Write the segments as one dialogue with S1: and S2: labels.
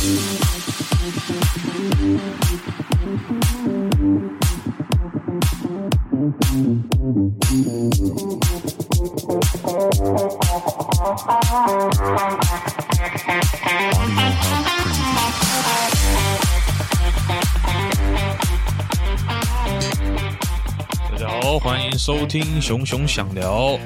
S1: 大家好，歡迎收聽熊熊想聊，我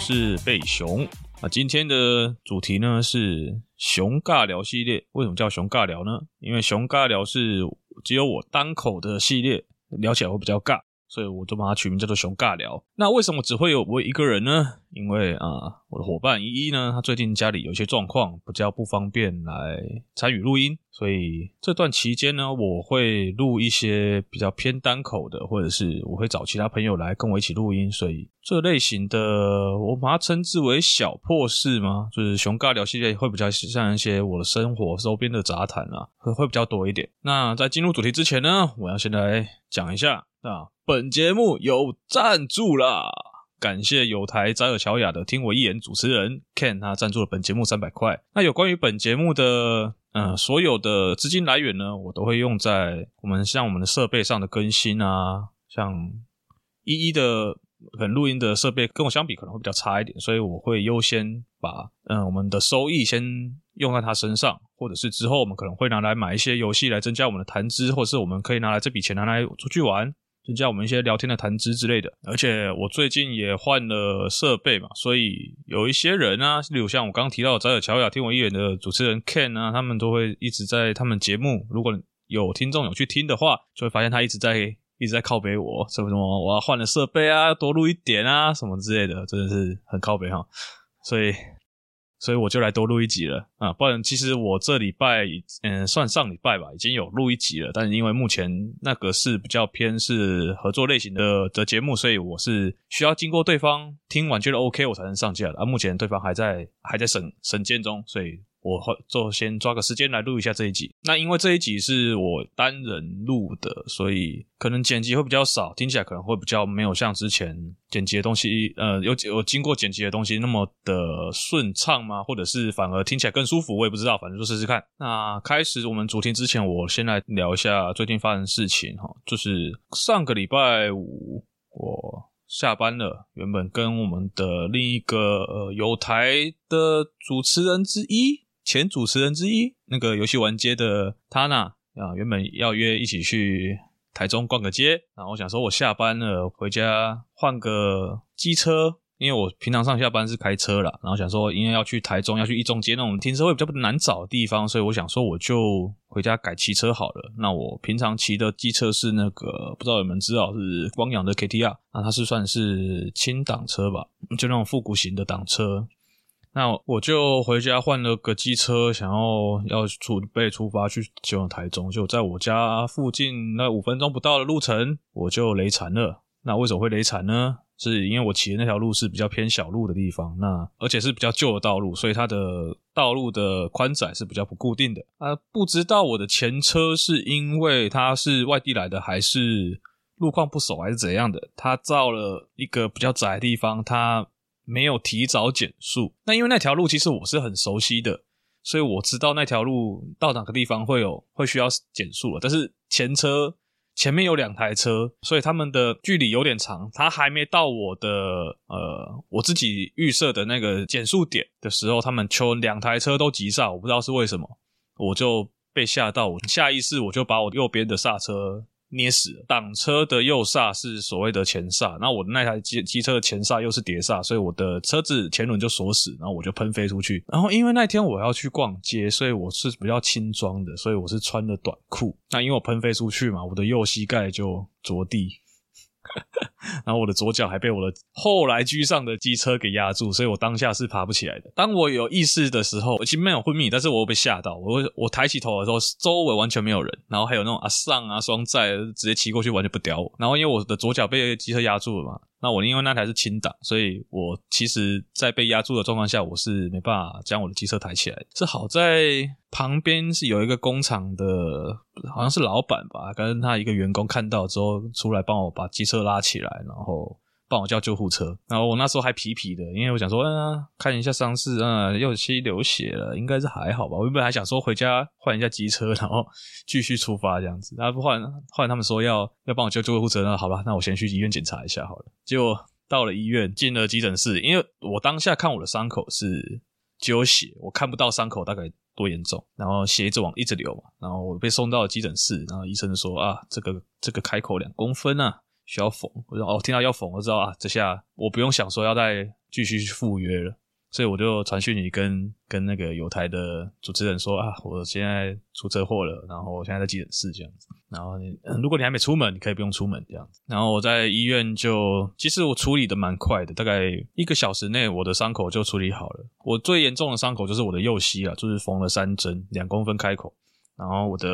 S1: 是貝熊。啊，今天的主題呢是熊尬聊系列。為什麼叫熊尬聊呢？因為熊尬聊是只有我單口的系列，聊起來會比較尬，所以我就把它取名叫做熊尬聊。那為什麼只會有我一個人呢？因為啊，我的夥伴依依呢，他最近家裡有一些狀況，比較不方便來參與錄音。所以這段期間呢，我會錄一些比較偏單口的，或者是我會找其他朋友來跟我一起錄音。所以這類型的，我把它稱之為小破事嘛，就是熊尬聊系列會比較像一些我的生活周邊的雜談啊，會會比較多一點。那在進入主題之前呢，我要先來講一下，那本節目有贊助啦。感謝友台澤爾喬雅的聽我一言主持人 Ken，他贊助了本節目三百塊。那有關於本節目的嗯所有的資金來源呢，我都會用在我們像我們的設備上的更新啊，像一一的可能錄音的設備跟我相比可能會比較差一點，所以我會優先把嗯我們的收益先用在他身上，或者是之後我們可能會拿來買一些遊戲來增加我們的談資，或者是我們可以拿來這筆錢拿來出去玩。增加我們一些聊天的談資之類的，而且我最近也換了設備嘛，所以有一些人啊，例如像我剛剛提到的宅友《早有喬雅聽我一言》的主持人 Ken 啊，他們都會一直在他們節目，如果有聽眾有去聽的話，就會發現他一直在一直在靠北我，什麼什麼我要換了設備啊，要多錄一點啊，什麼之類的，真的是很靠北哈，所以。所以我就來多錄一集了啊，不然其實我這禮拜，嗯，算上禮拜吧，已經有錄一集了，但是因為目前那個是比較偏是合作類型的的節目，所以我是需要經過對方聽完覺得 OK，我才能上架了。啊，目前對方還在還在審審件中，所以。我會就先抓個時間來錄一下這一集。那因為這一集是我單人錄的，所以可能剪輯會比較少，聽起來可能會比較沒有像之前剪輯的東西，呃，有有經過剪輯的東西那麼的順暢嗎？或者是反而聽起來更舒服？我也不知道，反正就試試看。那開始我們主題之前，我先來聊一下最近發生的事情哈。就是上個禮拜五我下班了，原本跟我們的另一個呃有台的主持人之一。前主持人之一，那個遊戲玩街的他呢，啊，原本要約一起去台中逛個街，然後我想說，我下班了回家換個機車，因為我平常上下班是開車啦，然後想說，因為要去台中，要去一中街那種停車位比較難找的地方，所以我想說，我就回家改騎車好了。那我平常騎的機車是那個，不知道有沒有人知道是光陽的 KTR，那它是算是輕檔車吧，就那種復古型的檔車。那我就回家換了個機車，想要要準備出發去前往台中，就在我家附近那五分鐘不到的路程，我就雷殘了。那為什麼會雷殘呢？是因為我騎的那條路是比較偏小路的地方，那而且是比較舊的道路，所以它的道路的寬窄是比較不固定的。呃、啊，不知道我的前車是因為它是外地來的，還是路況不熟，還是怎樣的，它造了一個比較窄的地方，它。沒有提早減速，那因為那條路其實我是很熟悉的，所以我知道那條路到哪個地方會有會需要減速了。但是前車前面有兩台車，所以他們的距離有點長。他還沒到我的呃我自己預設的那個減速點的時候，他們車兩台車都急剎，我不知道是為什麼，我就被嚇到，我下意識我就把我右邊的剎車。捏死擋車的右剎是所謂的前剎，那我的那台機機車的前剎又是碟剎，所以我的車子前輪就鎖死，然後我就噴飛出去。然後因為那天我要去逛街，所以我是比較輕裝的，所以我是穿的短褲。那因為我噴飛出去嘛，我的右膝蓋就着地。 然後我的左腳還被我的後來居上的機車給壓住，所以我當下是爬不起來的。當我有意識的時候，我其實沒有昏迷，但是我被嚇到。我我抬起頭的時候，周圍完全沒有人，然後還有那種阿桑啊雙寨直接騎過去，完全不屌我。然後因為我的左腳被機車壓住了嘛。那我因為那台是清檔，所以我其實在被壓住的狀況下，我是沒辦法將我的機車抬起來。是好在旁邊是有一個工廠的，好像是老闆吧，跟他一個員工看到之後，出來幫我把機車拉起來，然後。幫我叫救護車，然後我那時候還皮皮的，因為我想說，嗯、呃，看一下傷勢，嗯、呃，右膝流血了，應該是還好吧。我原本還想說回家換一下機車，然後繼續出發這樣子，然後不換，換他們說要要幫我叫救護車，那好吧，那我先去醫院檢查一下好了。結果到了醫院，進了急診室，因為我當下看我的傷口是只有血，我看不到傷口大概多嚴重，然後血一直往一直流嘛，然後我被送到了急診室，然後醫生說啊，這個這個開口兩公分啊。需要縫，我就說哦，聽到要縫，我就知道啊，這下我不用想說要再繼續去赴約了，所以我就傳訊你跟跟那個友台的主持人說啊，我現在出車禍了，然後我現在在急診室這樣子，然後你、嗯、如果你還沒出門，你可以不用出門這樣子，然後我在醫院就其實我處理的蠻快的，大概一個小時內我的傷口就處理好了，我最嚴重的傷口就是我的右膝啊，就是縫了三針，兩公分開口。然後我的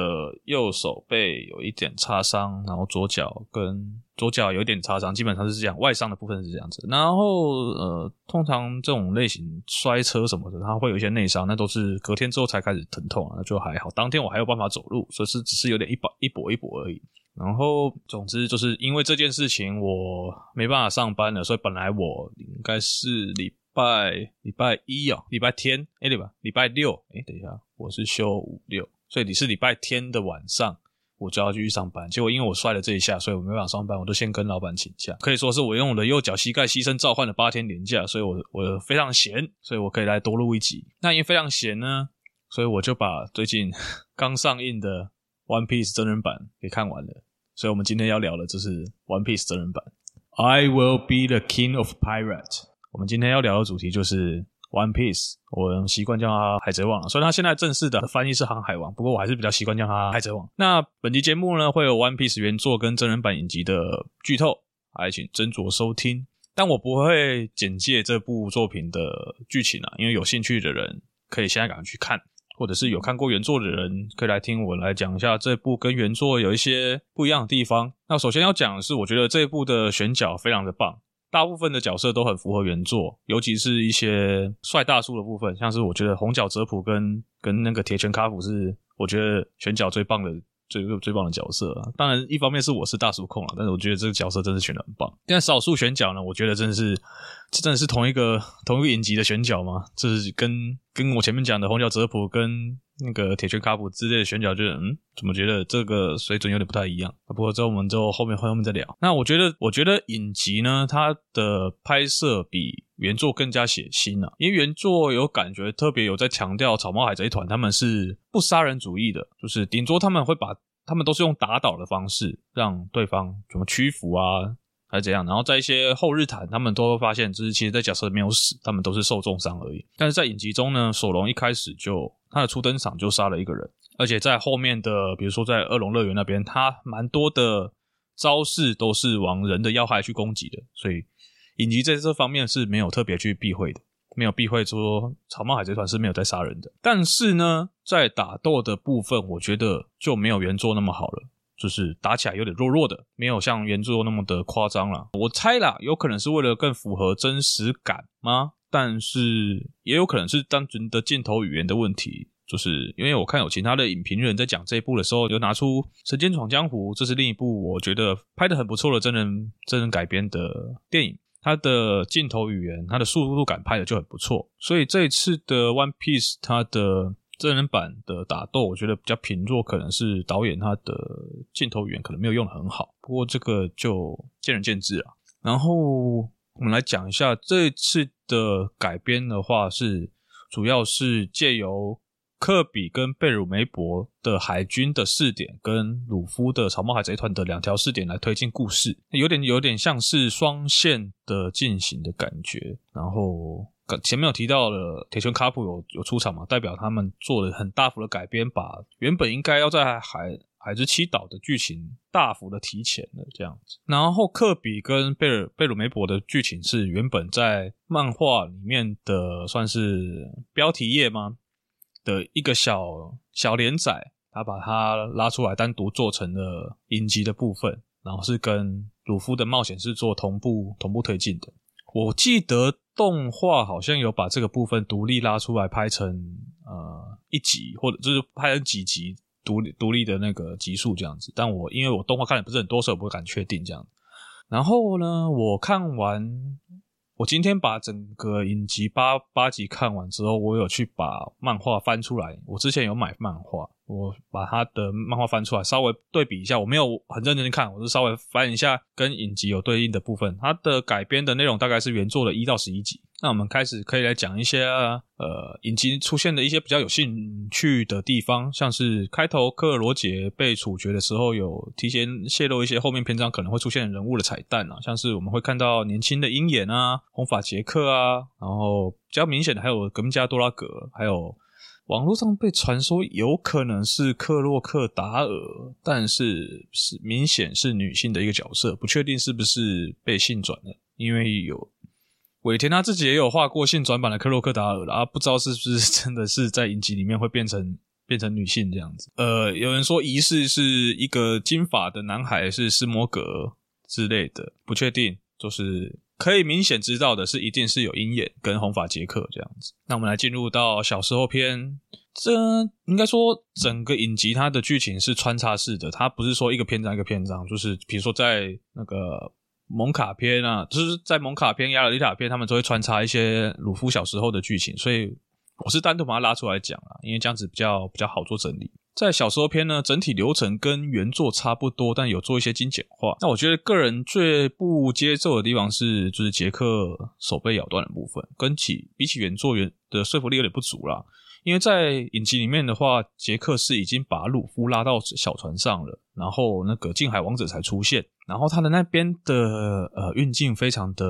S1: 右手背有一點擦傷，然後左腳跟左腳有一點擦傷，基本上是這樣。外傷的部分是這樣子。然後呃，通常這種類型摔車什麼的，它會有一些內傷，那都是隔天之後才開始疼痛，啊，那就還好。當天我還有辦法走路，所以是只是有點一跛一跛一跛而已。然後總之就是因為這件事情，我沒辦法上班了，所以本來我應該是禮拜禮拜一哦，禮拜天哎對吧？禮拜六哎，等一下，我是休五六。所以禮是禮拜天的晚上，我就要繼續上班。結果因為我摔了這一下，所以我沒辦法上班，我都先跟老闆請假。可以說是我用我的右腳膝蓋犧牲，召喚了八天連假，所以我我非常閒，所以我可以來多錄一集。那因為非常閒呢，所以我就把最近剛上映的《One Piece》真人版給看完了。所以我們今天要聊的就是《One Piece》真人版。I will be the king of pirate。我們今天要聊的主題就是。One Piece，我習慣叫他海賊王，所以他現在正式的翻譯是航海王，不過我還是比較習慣叫他海賊王。那本期節目呢，會有 One Piece 原作跟真人版影集的劇透，還請斟酌收聽。但我不會簡介這部作品的劇情啊，因為有興趣的人可以現在趕快去看，或者是有看過原作的人可以來聽我來講一下這部跟原作有一些不一樣的地方。那首先要講的是，我覺得這一部的選角非常的棒。大部分的角色都很符合原作，尤其是一些帥大叔的部分，像是我覺得紅腳澤普跟跟那個鐵拳卡普是我覺得選角最棒的、最最棒的角色。當然，一方面是我是大叔控啊，但是我覺得這個角色真的是選的很棒。但少數選角呢，我覺得真的是這真的是同一個同一個影集的選角嗎？這、就是跟跟我前面講的紅腳澤普跟。那個鐵拳卡普之類的選角就，就嗯，怎麼覺得這個水準有點不太一樣？不過之後我們之後後面會後面再聊。那我覺得，我覺得影集呢，它的拍攝比原作更加血腥了，啊，因為原作有感覺特別有在強調草帽海賊團他們是不殺人主義的，就是頂多他們會把他們都是用打倒的方式讓對方怎麼屈服啊。還是怎樣？然後在一些後日談，他們都會發現，就是其實在假設沒有死，他們都是受重傷而已。但是在影集中呢，索隆一開始就他的初登場就殺了一個人，而且在後面的，比如說在惡龍樂園那邊，他蠻多的招式都是往人的要害去攻擊的，所以影集在這方面是沒有特別去避諱的，沒有避諱說草帽海賊團是沒有在殺人的。但是呢，在打鬥的部分，我覺得就沒有原作那麼好了。就是打起來有點弱弱的，沒有像原著那麼的誇張啦。我猜啦，有可能是為了更符合真實感嗎？但是也有可能是單純的鏡頭語言的問題。就是因為我看有其他的影評人在講這一部的時候，就拿出《神劍闖江湖》，這是另一部我覺得拍得很不錯的真人真人改編的電影，它的鏡頭語言、它的速度感拍得就很不錯。所以這一次的《One Piece》，它的真人版的打鬥，我覺得比較平弱，可能是導演他的鏡頭語言可能沒有用得很好。不過這個就見仁見智啊。然後我們來講一下這一次的改編的話是，是主要是借由科比跟貝魯梅博的海軍的視點，跟魯夫的草帽海賊團的兩條視點來推進故事，有點有點像是雙線的進行的感覺。然後。前面有提到了鐵拳卡普有有出場嘛，代表他們做了很大幅的改編，把原本應該要在海海之七島的劇情大幅的提前了這樣子。然後克比跟貝爾貝魯梅伯的劇情是原本在漫畫裡面的算是標題頁嗎的一個小小連載，他把它拉出來單獨做成了影集的部分，然後是跟魯夫的冒險是做同步同步推進的。我記得。動畫好像有把這個部分獨立拉出來拍成呃一集，或者就是拍成幾集獨獨立的那個集數這樣子。但我因為我動畫看的不是很多時候，所以我不敢確定這樣子。然後呢，我看完我今天把整個影集八八集看完之後，我有去把漫畫翻出來。我之前有買漫畫。我把他的漫畫翻出來，稍微對比一下。我沒有很認真的看，我是稍微翻一下跟影集有對應的部分。它的改編的內容大概是原作的一到十一集。那我們開始可以來講一些呃影集出現的一些比較有興趣的地方，像是開頭科爾羅傑被處決的時候，有提前洩露一些後面篇章可能會出現的人物的彩蛋啊，像是我們會看到年輕的鷹眼啊、紅髮傑克啊，然後比較明顯的還有革命家多拉格，還有。網絡上被傳說有可能是克洛克達爾，但是是明顯是女性的一個角色，不確定是不是被性轉的，因為有尾田他自己也有畫過性轉版的克洛克達爾，然後啊，不知道是不是真的是在影集裡面會變成變成女性這樣子。呃，有人說疑似是一個金髮的男孩是斯摩格之類的，不確定，就是。可以明顯知道的是，一定是有鷹眼跟紅髮傑克這樣子。那我們來進入到小時候篇，這應該說整個影集它的劇情是穿插式的，它不是說一個篇章一個篇章，就是比如說在那個蒙卡篇啊，就是在蒙卡篇、亞爾麗塔篇，他們都會穿插一些魯夫小時候的劇情，所以我是單獨把它拉出來講啊，因為這樣子比較比較好做整理。在小說篇呢，整體流程跟原作差不多，但有做一些精簡化。那我覺得個人最不接受的地方是，就是傑克手被咬斷的部分，跟起，比起原作原的說服力有點不足啦，因為在影集裡面的話，傑克是已經把魯夫拉到小船上了，然後那個近海王者才出現。然後他的那邊的呃運鏡非常的，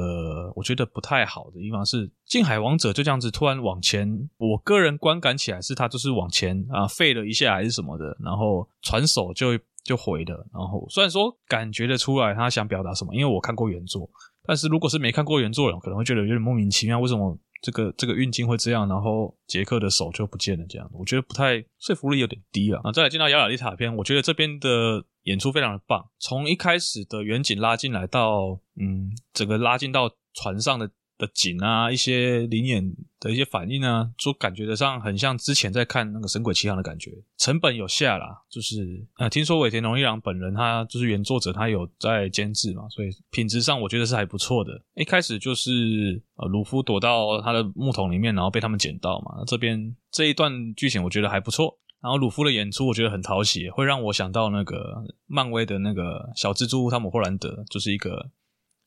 S1: 我覺得不太好的地方是，近海王者就這樣子突然往前，我個人觀感起來是他就是往前啊、呃、廢了一下還是什麼的，然後傳手就就回了，然後雖然說感覺得出來他想表達什麼，因為我看過原作，但是如果是沒看過原作的人，可能會覺得有點莫名其妙，為什麼？這個這個運鏡會這樣，然後傑克的手就不見了，這樣我覺得不太說服力，有點低啊。那再來進到雅雅麗塔片，我覺得這邊的演出非常的棒，從一開始的遠景拉進來到，到嗯，整個拉近到船上的的景啊，一些靈眼。的一些反應呢，就感覺得上很像之前在看那個《神鬼奇航》的感覺，成本有下啦，就是呃，聽說尾田榮一郎本人，他就是原作者，他有在監製嘛，所以品質上我覺得是還不錯的。一開始就是呃，魯夫躲到他的木桶裡面，然後被他們撿到嘛，這邊這一段劇情我覺得還不錯。然後魯夫的演出我覺得很討喜，會讓我想到那個漫威的那個小蜘蛛湯姆·霍蘭德，就是一個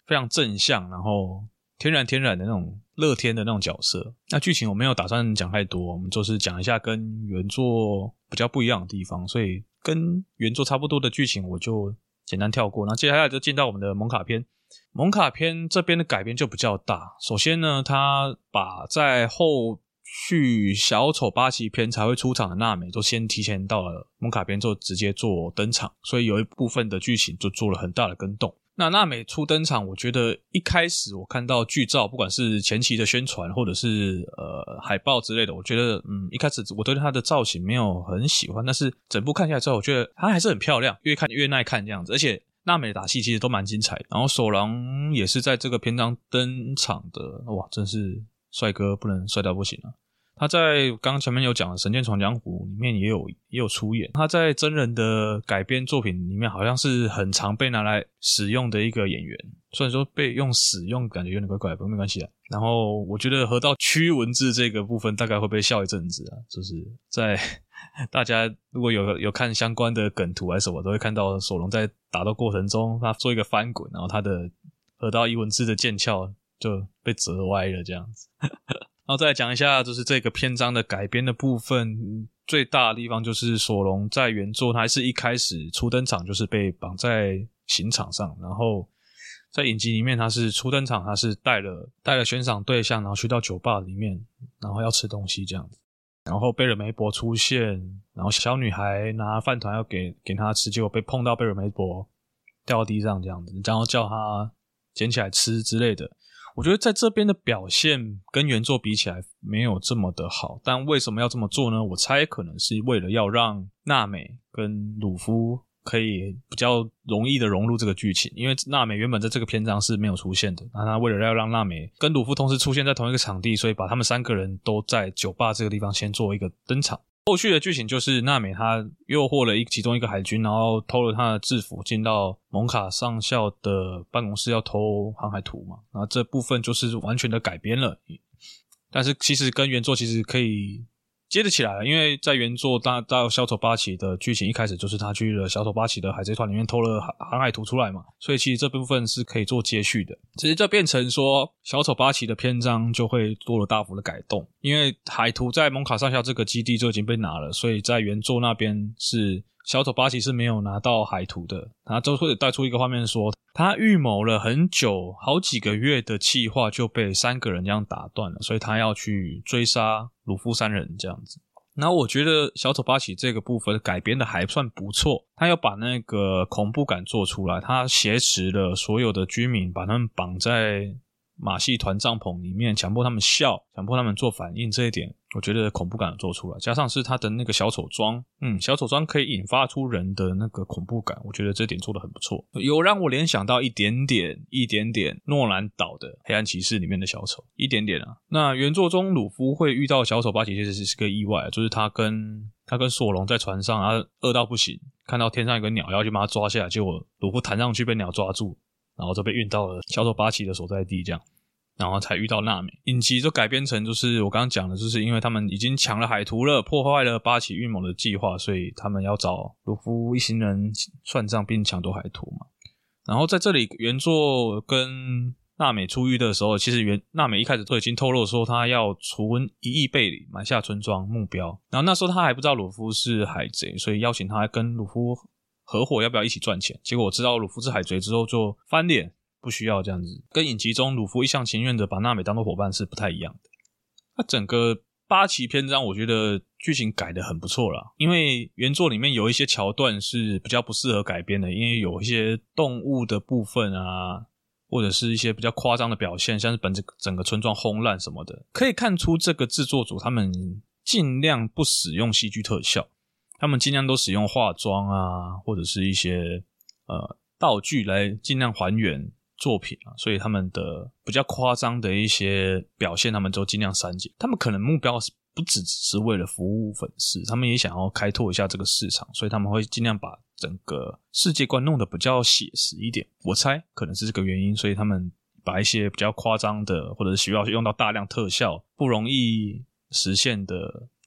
S1: 非常正向，然後天然天然的那種。樂天的那種角色，那劇情我沒有打算講太多，我們就是講一下跟原作比較不一樣的地方，所以跟原作差不多的劇情我就簡單跳過。那接下來就進到我們的蒙卡篇。蒙卡篇這邊的改編就比較大。首先呢，他把在後續小丑巴其篇才會出場的娜美，就先提前到了蒙卡篇就直接做登場，所以有一部分的劇情就做了很大的更動。那娜美初登場，我覺得一開始我看到劇照，不管是前期的宣傳或者是呃海報之類的，我覺得嗯一開始我對她的造型沒有很喜歡，但是整部看下來之後，我覺得她還是很漂亮，越看越耐看這樣子。而且娜美的打戲其實都蠻精彩的，然後索隆也是在這個篇章登場的，哇，真是帥哥不能帥到不行啊！他在剛剛前面有講的《神劍闖江湖》裡面也有也有出演。他在真人的改編作品裡面好像是很常被拿來使用的一個演員，雖然說被用使用感覺有點怪怪的，不過沒關係啊。然後我覺得和道一文字這個部分大概會被笑一陣子啊，就是在大家如果有有看相關的梗圖還是什麼，都會看到索隆在打鬥過程中，他做一個翻滾，然後他的和道一文字的劍鞘就被折歪了這樣子。 然後再來講一下，就是這個篇章的改編的部分最大的地方，就是索隆在原作他還是一開始初登場就是被綁在刑場上，然後在影集裡面他是初登場，他是帶了帶了懸賞對象，然後去到酒吧裡面，然後要吃東西這樣子，然後貝爾梅博出現，然後小女孩拿飯糰要給給他吃，結果被碰到貝爾梅博掉到地上這樣子，然後叫她撿起來吃之類的。我覺得在這邊的表現跟原作比起來沒有這麼的好，但為什麼要這麼做呢？我猜可能是為了要讓娜美跟魯夫可以比較容易的融入這個劇情，因為娜美原本在這個篇章是沒有出現的，那、啊、他為了要讓娜美跟魯夫同時出現在同一個場地，所以把他們三個人都在酒吧這個地方先做一個登場。後續的劇情就是娜美她誘惑了一其中一個海軍，然後偷了他的製服，進到蒙卡上校的辦公室要偷航海圖嘛，然後這部分就是完全的改編了，但是其實跟原作其實可以。接得起來了，因為在原作大到，到小丑巴其的劇情一開始就是他去了小丑巴其的海賊團裡面偷了航航海圖出來嘛，所以其實這部分是可以做接續的。其實就變成說，小丑巴其的篇章就會做了大幅的改動，因為海圖在蒙卡上下這個基地就已經被拿了，所以在原作那邊是。小丑巴奇是沒有拿到海圖的，他就會帶出一個畫面說，說他預謀了很久，好幾個月的計劃就被三個人這樣打斷了，所以他要去追殺魯夫三人這樣子。那我覺得小丑巴奇這個部分改編的還算不錯，他要把那個恐怖感做出來，他挾持了所有的居民，把他們綁在。馬戲團帳篷裡面強迫他們笑，強迫他們做反應，這一點我覺得恐怖感有做出來，加上是他的那個小丑妝，嗯，小丑妝可以引發出人的那個恐怖感，我覺得這點做得很不錯，有讓我聯想到一點點，一點點諾蘭導的《黑暗騎士》裡面的小丑，一點點啊。那原作中魯夫會遇到小丑巴奇，其實是個意外，就是他跟他跟索隆在船上啊，餓到不行，看到天上有個鳥要去把他抓下來，結果魯夫彈上去被鳥抓住。然後就被運到了小丑巴其的所在地，這樣，然後才遇到娜美。影集就改編成，就是我剛剛講的，就是因為他們已經搶了海圖了，破壞了巴其運謀的計劃，所以他們要找魯夫一行人算賬，並搶奪海圖嘛。然後在這裡，原作跟娜美出獄的時候，其實原娜美一開始都已經透露說她要存一億貝里，買下村莊目標。然後那時候她還不知道魯夫是海賊，所以邀請他跟魯夫。合夥要不要一起賺錢？結果我知道魯夫是海賊之後就翻臉不需要這樣子，跟影集中魯夫一廂情願的把娜美當做夥伴是不太一樣的。那、啊、整個八旗篇章，我覺得劇情改得很不錯了，因為原作裡面有一些橋段是比較不適合改編的，因為有一些動物的部分啊，或者是一些比較誇張的表現，像是本整個村莊轟爛什麼的，可以看出這個製作組他們盡量不使用戲劇特效。他們盡量都使用化妝啊，或者是一些呃道具來盡量還原作品啊，所以他們的比較誇張的一些表現，他們都盡量刪減。他們可能目標是不只只是為了服務粉絲，他們也想要開拓一下這個市場，所以他們會盡量把整個世界觀弄得比較寫實一點。我猜可能是這個原因，所以他們把一些比較誇張的，或者是需要用到大量特效，不容易實現的。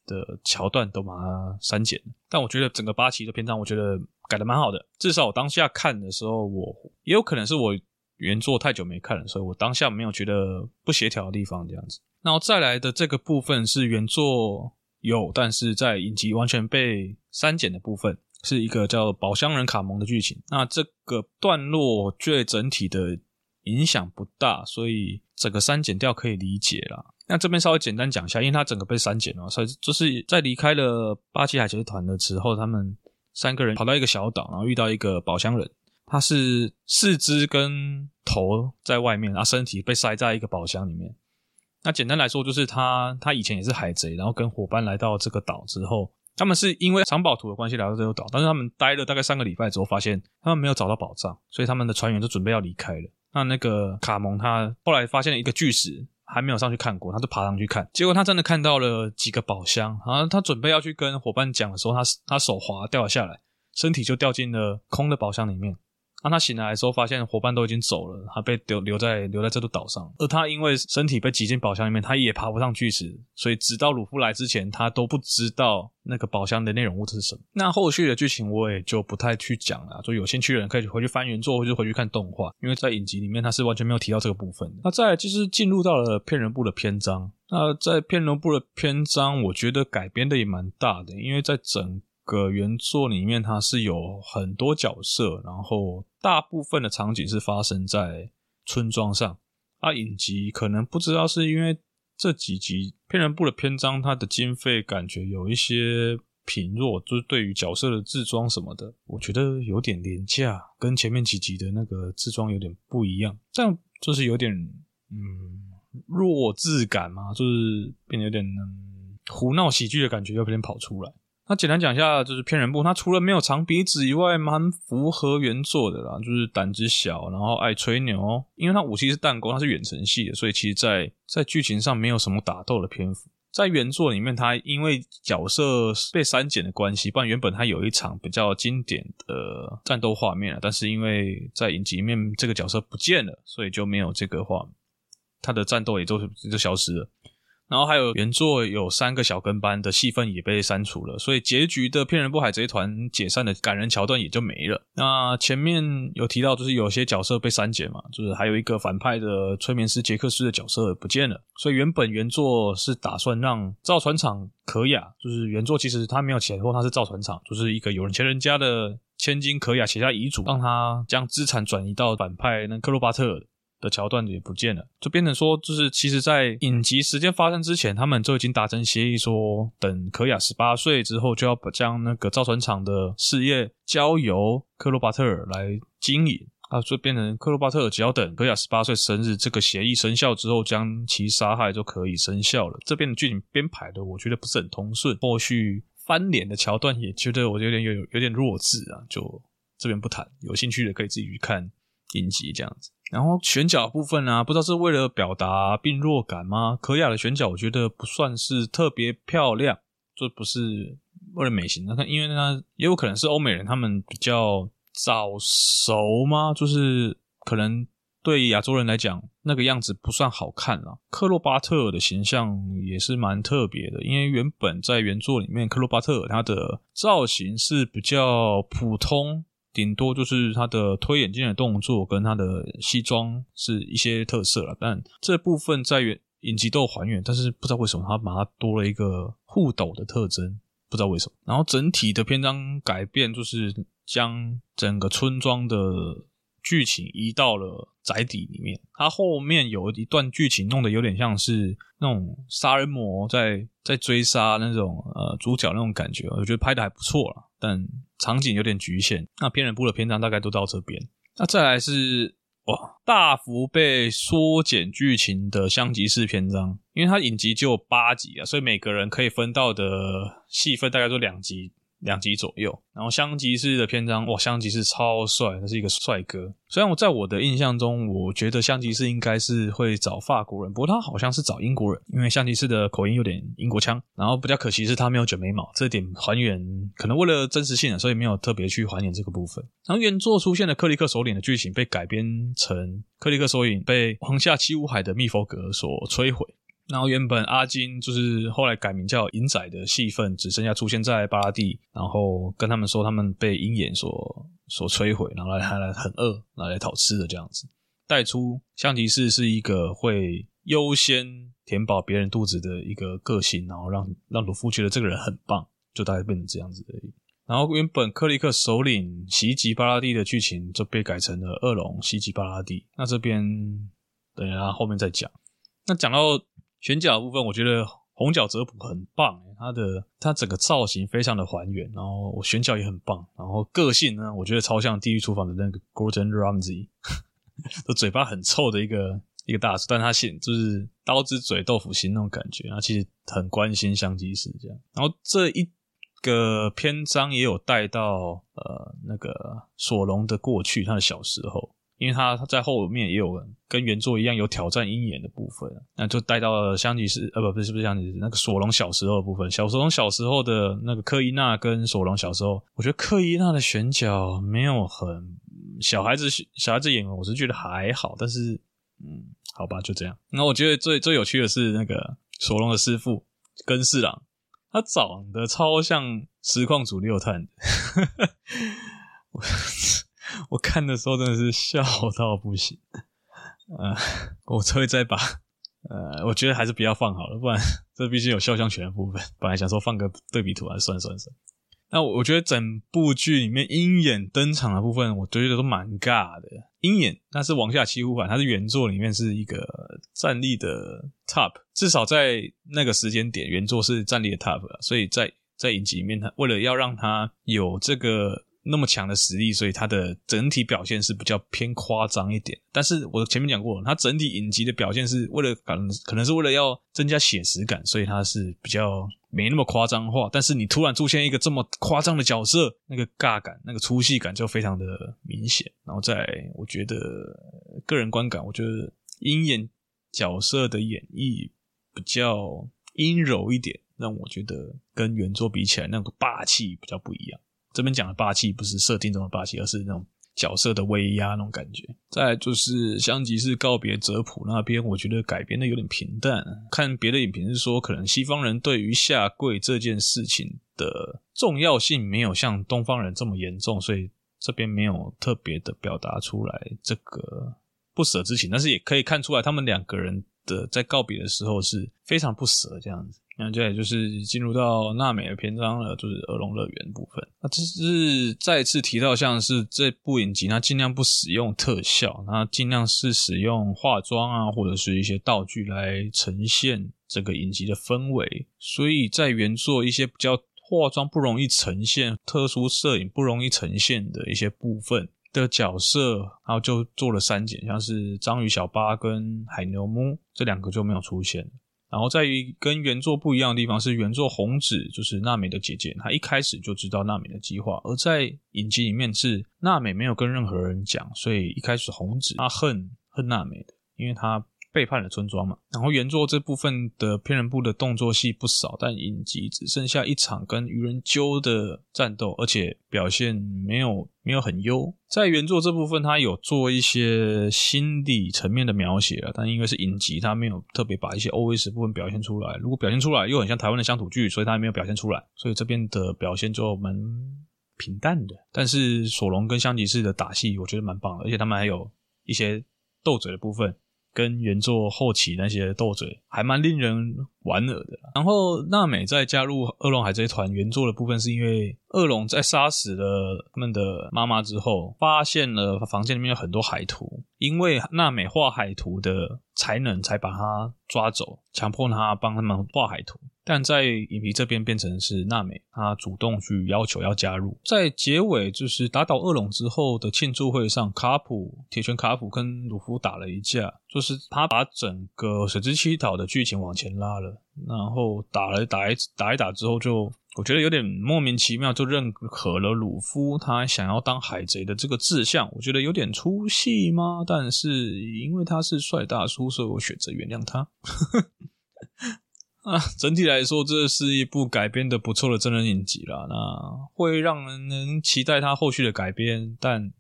S1: 的橋段都把它刪減，但我覺得整個巴奇的篇章，我覺得改的蠻好的。至少我當下看的時候，我也有可能是我原作太久沒看了，所以我當下沒有覺得不協調的地方這樣子。然後再來的這個部分是原作有，但是在影集完全被刪減的部分，是一個叫寶箱人卡蒙的劇情。那這個段落對整體的影響不大，所以整個刪減掉可以理解啦。那這邊稍微簡單講一下，因為他整個被刪減了，所以就是在離開了巴基海賊團的時候，他們三個人跑到一個小島，然後遇到一個寶箱人，他是四肢跟頭在外面，然後身體被塞在一個寶箱裡面。那簡單來說，就是他他以前也是海賊，然後跟夥伴來到這個島之後，他們是因為藏寶圖的關係來到這個島，但是他們待了大概三個禮拜之後，發現他們沒有找到寶藏，所以他們的船員就準備要離開了。那那個卡蒙他後來發現了一個巨石。還沒有上去看過，他就爬上去看，結果他真的看到了幾個寶箱。然後他準備要去跟夥伴講的時候，他他手滑掉了下來，身體就掉進了空的寶箱裡面。當、啊、他醒來的時候，發現夥伴都已經走了，他被丟留在留在這座島上。而他因為身體被擠進寶箱裡面，他也爬不上巨石，所以直到魯夫來之前，他都不知道那個寶箱的內容物是什麼。那後續的劇情我也就不太去講了，所以有興趣的人可以回去翻原作，或者回去看動畫，因為在影集裡面他是完全沒有提到這個部分的。那、啊、再來就是進入到了騙人部的篇章，那在騙人部的篇章，我覺得改編的也蠻大的，因為在整個原作裡面，它是有很多角色，然後大部分的場景是發生在村莊上。啊，影集可能不知道，是因為這幾集騙人布的篇章，它的經費感覺有一些貧弱，就是對於角色的置裝什麼的，我覺得有點廉價，跟前面幾集的那個置裝有點不一樣。這樣就是有點嗯弱智感嘛，就是變得有點嗯胡鬧喜劇的感覺，有點跑出來。那簡單講一下，就是騙人布他除了沒有長鼻子以外，蠻符合原作的啦。就是膽子小，然後愛吹牛。因為他武器是彈弓，他是遠程系的，所以其實在，在在劇情上沒有什麼打鬥的篇幅。在原作裡面，他因為角色被刪減的關係，不然原本他有一場比較經典的戰鬥畫面了，但是因為在影集裡面這個角色不見了，所以就沒有這個畫面，他的戰鬥也就也就消失了。然後還有原作有三個小跟班的戲份也被刪除了，所以結局的騙人布海賊團解散的感人橋段也就沒了。那前面有提到，就是有些角色被刪減嘛，就是還有一個反派的催眠師傑克斯的角色不見了。所以原本原作是打算讓造船廠可雅，就是原作其實他沒有寫說他是造船廠，就是一個有錢人，人家的千金可雅寫下遺囑，讓他將資產轉移到反派那克洛巴特的。的橋段也不見了，就變成說，就是其實，在影集時間發生之前，他們就已經達成協議說，說等可雅十八歲之後，就要把將那個造船廠的事業交由克洛巴特爾來經營啊，就變成克洛巴特爾只要等可雅十八歲生日這個協議生效之後，將其殺害就可以生效了。這邊的劇情編排的我覺得不是很通順，後續翻臉的橋段也覺得我有點有有，有點弱智啊，就這邊不談，有興趣的可以自己去看影集這樣子。然後選角的部分啊，不知道是為了表達病弱感嗎？可雅的選角我覺得不算是特別漂亮，這不是為了美型那那，因為呢，也有可能是歐美人他們比較早熟嗎？就是可能對亞洲人來講那個樣子不算好看啊。克洛巴特爾的形象也是蠻特別的，因為原本在原作裡面克洛巴特爾他的造型是比較普通。頂多就是他的推眼鏡的動作跟他的西裝是一些特色了，但這部分在原影集都有還原，但是不知道為什麼他把它多了一個護斗的特徵，不知道為什麼。然後整體的篇章改變就是將整個村莊的劇情移到了宅邸裡面，它後面有一段劇情弄得有點像是那種殺人魔在在追殺那種呃主角那種感覺，我覺得拍的還不錯啦，但。場景有點局限。那偏人部的篇章大概都到這邊。那再來是哇，大幅被縮減劇情的香吉士篇章，因為它影集只有八集啊，所以每個人可以分到的戲份大概就兩集。兩集左右，然後香吉士的篇章，哇，香吉士超帥，他是一個帥哥。雖然我在我的印象中，我覺得香吉士應該是會找法國人，不過他好像是找英國人，因為香吉士的口音有點英國腔。然後比較可惜是他沒有捲眉毛，這點還原可能為了真實性啊，所以沒有特別去還原這個部分。然後原作出現的克里克首領的劇情被改編成克里克首領被王下七武海的密佛格所摧毀。然後原本阿金就是後來改名叫銀仔的戲份，只剩下出現在巴拉蒂，然後跟他們說他們被鷹眼所所摧毀，然後來還來很餓，拿來討吃的這樣子。帶出香吉士是一個會優先填飽別人肚子的一個個性，然後讓讓魯夫覺得這個人很棒，就大概變成這樣子而已。然後原本克里克首領襲擊巴拉蒂的劇情，就被改成了惡龍襲擊巴拉蒂。那這邊等一下後面再講。那講到。旋角的部分，我覺得紅角澤普很棒，他的他整個造型非常的還原，然後我選角也很棒，然後個性呢，我覺得超像地獄廚房的那個 Gordon Ramsay 的 嘴巴很臭的一個一個大叔，但他性就是刀子嘴豆腐心那種感覺，他其實很關心香吉士這樣。然後這一個篇章也有帶到呃那個索隆的過去，他的小時候。因為他，他在後面也有跟原作一樣有挑戰鷹眼的部分，那就帶到了香吉士，呃，不，不是不是香吉士那個索隆小時候的部分。小索隆小時候的那個克伊娜跟索隆小時候，我覺得克伊娜的選角沒有很小孩子，小孩子演我是覺得還好，但是，嗯，好吧，就這樣。那我覺得最最有趣的是那個索隆的師傅根四郎，他長得超像實況組六探。 我看的時候真的是笑到不行，呃，我才會再把，呃，我覺得還是不要放好了，不然這畢竟有肖像權的部分。本來想說放個對比圖來，啊、算算算。那我，我覺得整部劇裡面鷹眼登場的部分，我覺得都蠻尬的。鷹眼那是王下七武海，他是原作裡面是一個戰力的 top，至少在那個時間點，原作是戰力的 top，啊、所以在在影集裡面，他為了要讓他有這個。那麼強的實力，所以它的整體表現是比較偏誇張一點。但是，我前面講過，它整體影集的表現是為了可能可能是為了要增加寫實感，所以它是比較沒那麼誇張化。但是，你突然出現一個這麼誇張的角色，那個尬感、那個粗細感就非常的明顯。然後，在我覺得個人觀感，我覺得鷹眼角色的演繹比較陰柔一點，讓我覺得跟原作比起來，那個霸氣比較不一樣。這邊講的霸氣不是設定中的霸氣，而是那種角色的威壓那種感覺。再來就是香吉士告別澤普那邊，我覺得改編的有點平淡。看別的影評是說，可能西方人對於下跪這件事情的重要性沒有像東方人這麼嚴重，所以這邊沒有特別的表達出來這個不捨之情。但是也可以看出來，他們兩個人。在告別的時候是非常不舍這樣子，那接下來就是進入到娜美的篇章了，就是惡龍樂園部分。那這是再次提到，像是這部影集，它盡量不使用特效，那盡量是使用化妝啊，或者是一些道具來呈現這個影集的氛圍。所以在原作一些比較化妝不容易呈現、特殊攝影不容易呈現的一些部分，的角色，然後就做了刪減，像是章魚小八跟海牛木這兩個就沒有出現。然後在於跟原作不一樣的地方是，原作紅子就是娜美的姐姐，她一開始就知道娜美的計劃，而在影集裡面是娜美沒有跟任何人講，所以一開始紅子她恨恨娜美的，因為她。背叛了村莊嘛，然後原作這部分的片人部的動作戲不少，但影集只剩下一場跟魚人揪的戰鬥，而且表現沒有沒有很優。在原作這部分，他有做一些心理層面的描寫啊，但因為是影集，他沒有特別把一些 OS 部分表現出來。如果表現出來，又很像台灣的鄉土劇，所以他還沒有表現出來，所以這邊的表現就蠻平淡的。但是索隆跟香吉士的打戲，我覺得蠻棒的，而且他們還有一些鬥嘴的部分。跟原作後期那些鬥嘴，還蠻令人玩味的。然後娜美在加入惡龍海賊團原作的部分，是因為惡龍在殺死了他們的媽媽之後，發現了房間裡面有很多海圖，因為娜美畫海圖的才能，才把她抓走，強迫她幫他們畫海圖。但在影集這邊變成是娜美，她主動去要求要加入。在結尾就是打倒惡龍之後的慶祝會上，卡普鐵拳卡普跟魯夫打了一架，就是他把整個水之七島的劇情往前拉了，然後打了打一打一打之後就，就我覺得有點莫名其妙，就認可了魯夫他想要當海賊的這個志向，我覺得有點出戲嗎？但是因為他是帥大叔，所以我選擇原諒他。 啊，整體來說，這是一部改編的不錯的真人影集啦，那會讓人能期待它後續的改編，但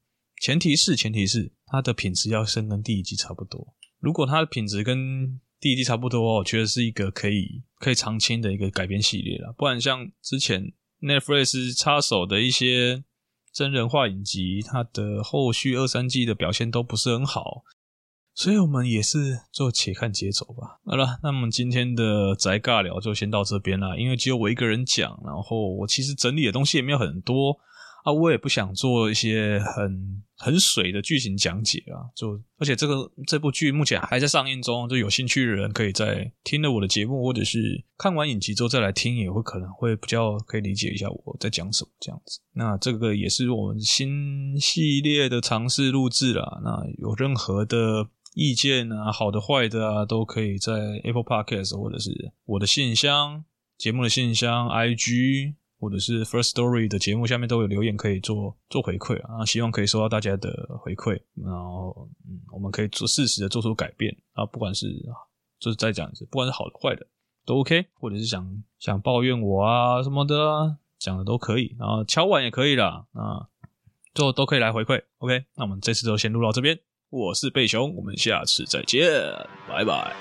S1: 前提是前提是它的品質要跟第一季差不多。如果它的品質跟第一季差不多喔，我覺得是一個可以可以常青的一個改編系列啦。不然像之前 Netflix 插手的一些真人化影集，它的後續二三季的表現都不是很好。所以，我們也是就且看且走吧。好了，那麼今天的宅尬聊就先到這邊啦。因為只有我一個人講，然後我其實整理的東西也沒有很多啊，我也不想做一些很很水的劇情講解啊。就而且這個這部劇目前還在上映中，就有興趣的人可以在聽了我的節目或者是看完影集之後再來聽，也會可能會比較可以理解一下我在講什麼這樣子。那這個也是我們新系列的嘗試錄製啦。那有任何的。意見啊，好的壞的啊，都可以在 Apple Podcast 或者是我的信箱、節目的信箱、IG 或者是 First Story 的節目下面都有留言可以做做回饋啊，希望可以收到大家的回饋，然後嗯，我們可以做適時的做出改變啊，不管是就是再講一次，不管是好的壞的都 OK，或者是想想抱怨我啊什麼的講的都可以，然後敲碗也可以啦，啊，最後都可以來回饋 OK，那我們這次就先錄到這邊。我是貝熊，我們下次再見，拜拜。